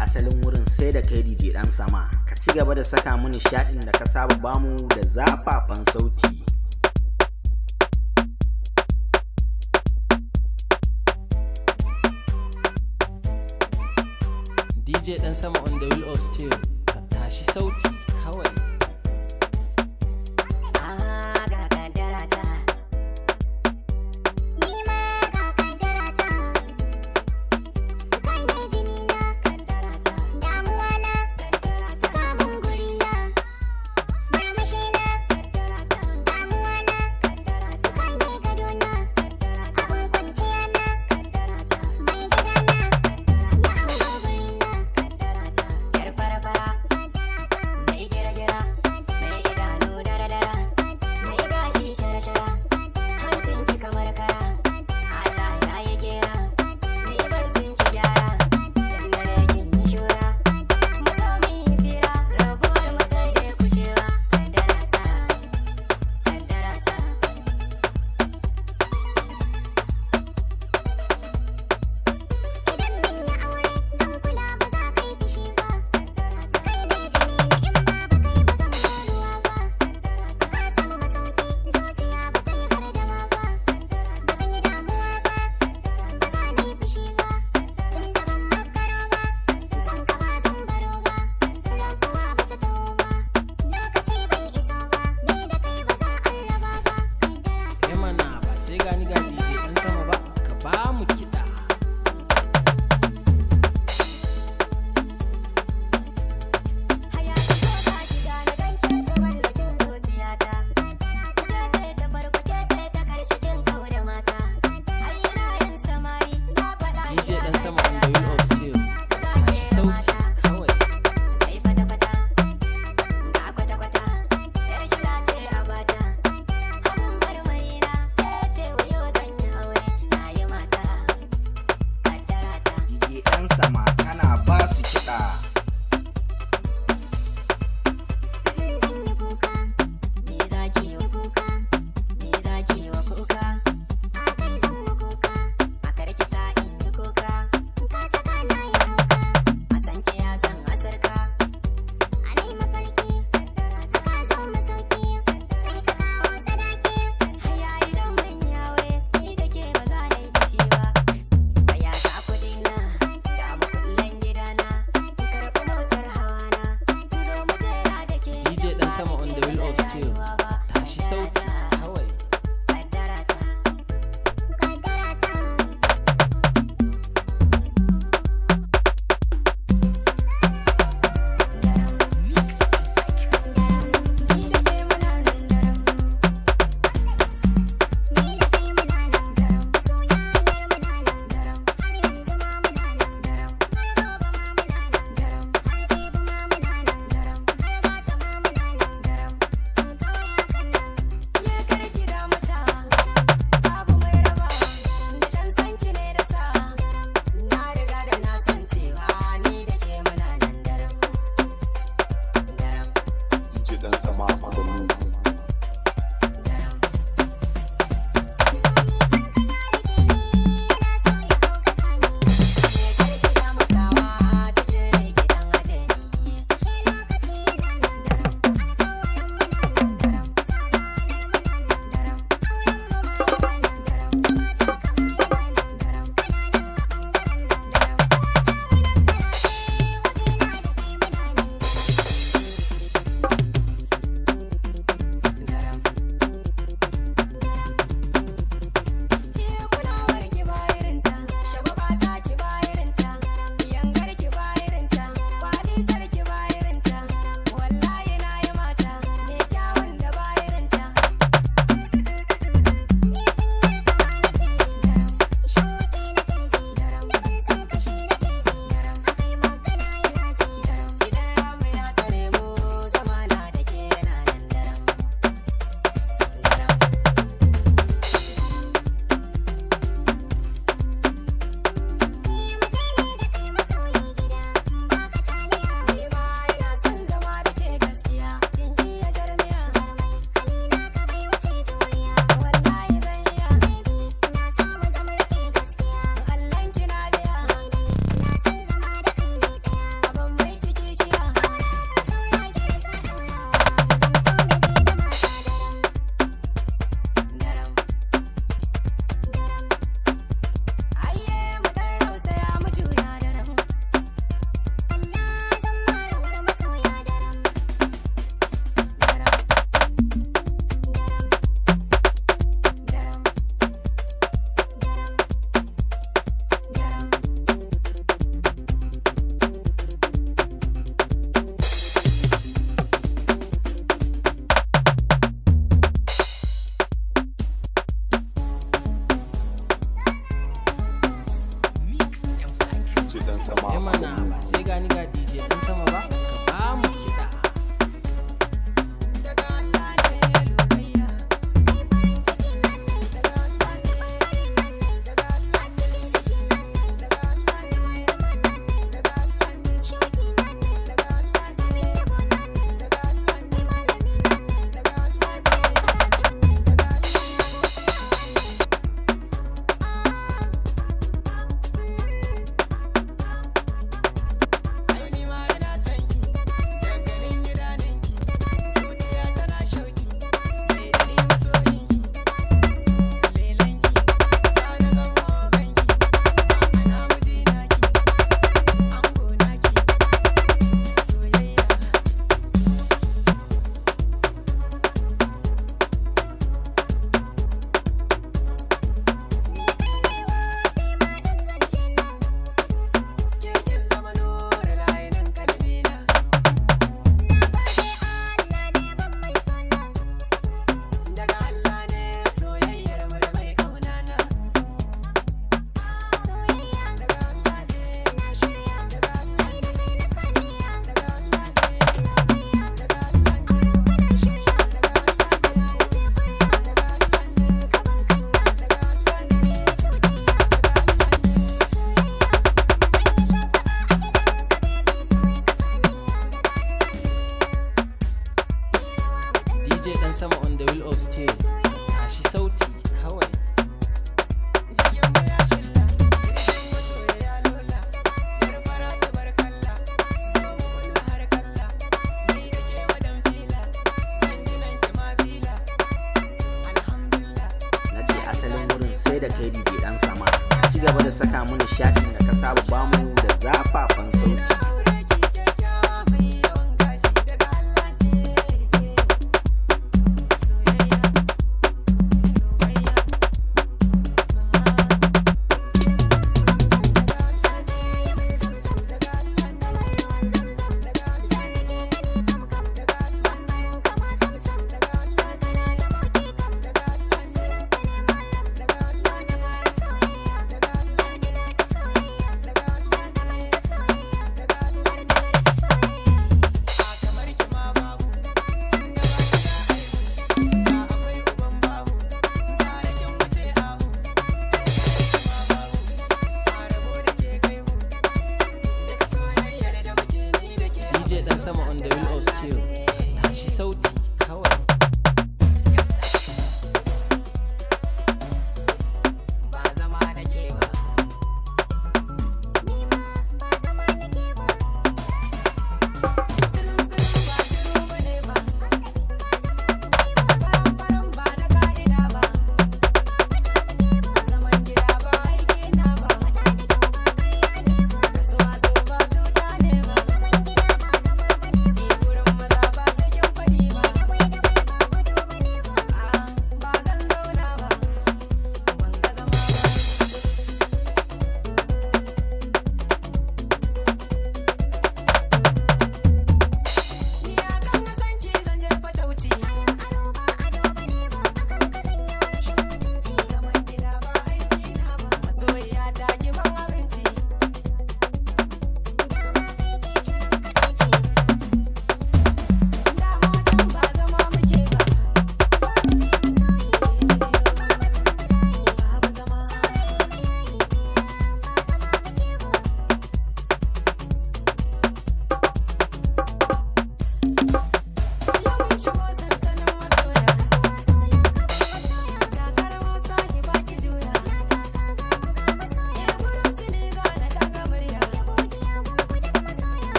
asalin wurin sai da kai DJ dan sama ka ci gaba da saka mu nishaɗin da ka saba bamu da zafafan sauti. DJ dan sama on the wheel of steel ka tashi sauti kawai.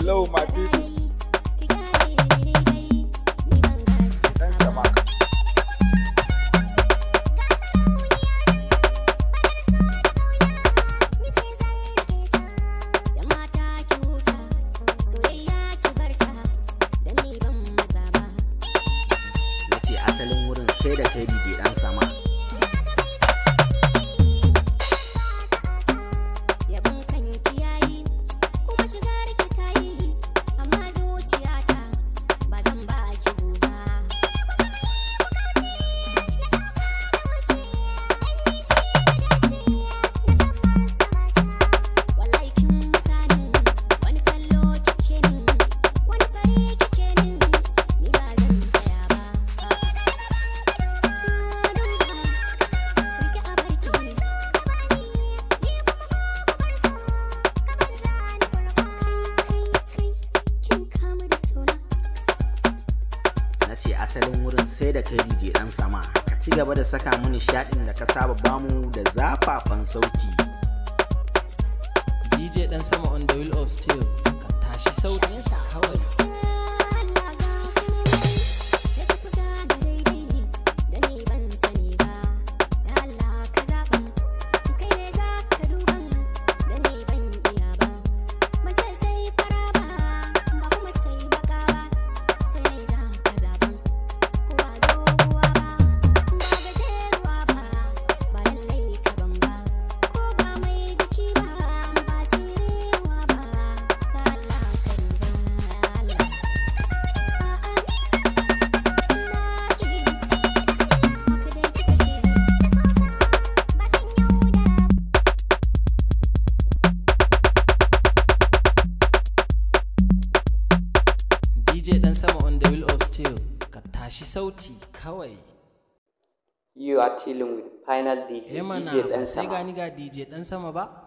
Hello, my people. da kai DJ dan sama ka ci gaba da saka mu nishaɗin da ka saba bamu da zafafan sauti. DJ dan sama on the wheel of steel ka tashi sauti kawai. tilin with final dj eh dj dan sama sai ga ni ga dj dan sama ba